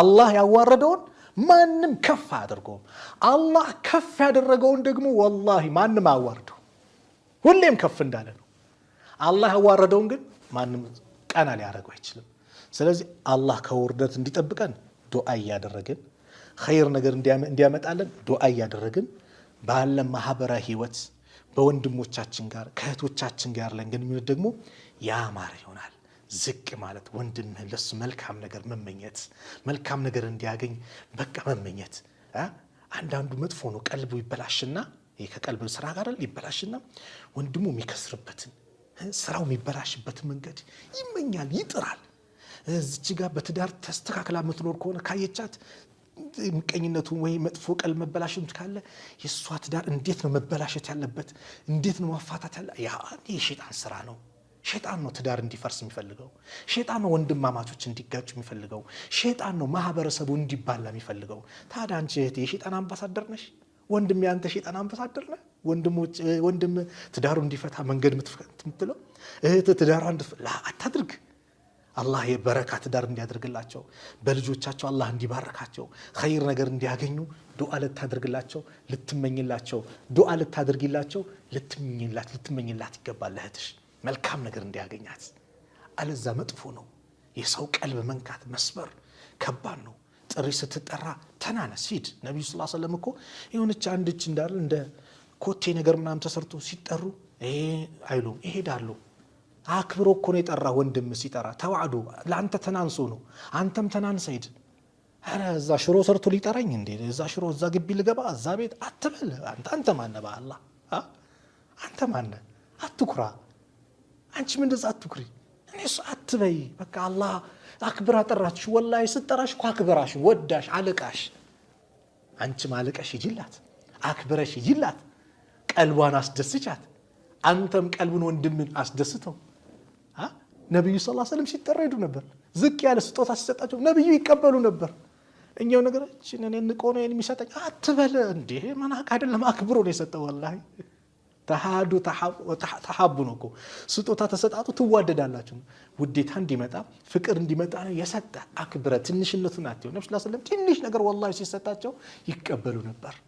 አላህ ያዋረደውን ማንም ከፍ አያደርገውም። አላህ ከፍ ያደረገውን ደግሞ ወላሂ ማንም አያዋርደው፣ ሁሌም ከፍ እንዳለ ነው። አላህ ያዋረደውን ግን ማንም ቀና ሊያደርገው አይችልም። ስለዚህ አላህ ከውርደት እንዲጠብቀን ዱዓ እያደረግን ኸይር ነገር እንዲያመጣለን ዱዓ እያደረግን ባለን ማህበራዊ ህይወት በወንድሞቻችን ጋር ከእህቶቻችን ጋር ያለን ግንኙነት ደግሞ ያማረ ይሆናል። ዝቅ ማለት ወንድምህን ለሱ መልካም ነገር መመኘት መልካም ነገር እንዲያገኝ በቃ መመኘት። አንዳንዱ መጥፎ ነው፣ ቀልቡ ይበላሽና ይህ ከቀልብ ስራ ጋር ይበላሽና ወንድሙ የሚከስርበትን ስራው የሚበላሽበትን መንገድ ይመኛል፣ ይጥራል። እዚች ጋር በትዳር ተስተካክላ የምትኖር ከሆነ ካየቻት ምቀኝነቱ ወይ መጥፎ ቀል መበላሸት ካለ የእሷ ትዳር እንዴት ነው መበላሸት ያለበት? እንዴት ነው ማፋታት ያለ? ያ የሸጣን ስራ ነው። ሼጣን ነው ትዳር እንዲፈርስ የሚፈልገው። ሼጣን ነው ወንድማማቾች እንዲጋጩ የሚፈልገው። ሼጣን ነው ማህበረሰቡ እንዲባላ የሚፈልገው። ታዲያ አንቺ እህቴ የሼጣን አምባሳደር ነሽ። ወንድም ያንተ ሼጣን አምባሳደር ነህ። ወንድም ትዳሩ እንዲፈታ መንገድ ምትለው እህት ትዳሯ አታድርግ። አላህ የበረካ ትዳር እንዲያደርግላቸው በልጆቻቸው አላህ እንዲባረካቸው ኸይር ነገር እንዲያገኙ ዱዓ ልታደርግላቸው ልትመኝላቸው ዱዓ ልታደርጊላቸው ልትመኝላት ይገባል እህትሽ። መልካም ነገር እንዲያገኛት፣ አለዛ መጥፎ ነው። የሰው ቀልብ መንካት መስበር ከባድ ነው። ጥሪ ስትጠራ ተናነስ ሂድ። ነቢዩ ስ ሰለም እኮ የሆነች አንድች እንዳለ እንደ ኮቴ ነገር ምናምን ተሰርቶ ሲጠሩ አይሉም ይሄዳሉ። አክብሮ እኮ ነው የጠራ ወንድም ሲጠራ ተዋዕዶ ለአንተ ተናንሶ ነው። አንተም ተናንሰ ሂድ። እዛ ሽሮ ሰርቶ ሊጠራኝ እንዴ? እዛ ሽሮ እዛ ግቢ ልገባ እዛ ቤት አትበል። አንተ አንተ ማነ በአላ አንተ ማነ አትኩራ ምን እንደዛ አትኩሪ፣ እኔ እሱ አትበይ። በቃ አላህ አክብራ ጠራች። ወላሂ ስጠራሽ እኮ አክብራሽ ወዳሽ አለቃሽ፣ አንቺም አለቀሽ ይጅላት አክብረሽ ይጅላት፣ ቀልቧን አስደስቻት፣ አንተም ቀልቡን ወንድምን አስደስተው። ነቢዩ ስ ሰለም ሲጠራ ሄዱ ነበር። ዝቅ ያለ ስጦታ ሲሰጣቸው ነቢዩ ይቀበሉ ነበር። እኛው ነገራችን እኔ ንቆ ነው የሚሰጠኝ አትበለ እንዴ፣ መናቅ አይደለም አክብሮ ነው የሰጠው ወላሂ ተሃዱ ተሐቡ ነው እኮ ስጦታ ተሰጣጡ ትዋደዳላችሁ። ውዴታ እንዲመጣ ፍቅር እንዲመጣ ነው የሰጠ አክብረ ትንሽነቱን ነብ ስላ ስለም ትንሽ ነገር ወላ ሲሰጣቸው ይቀበሉ ነበር።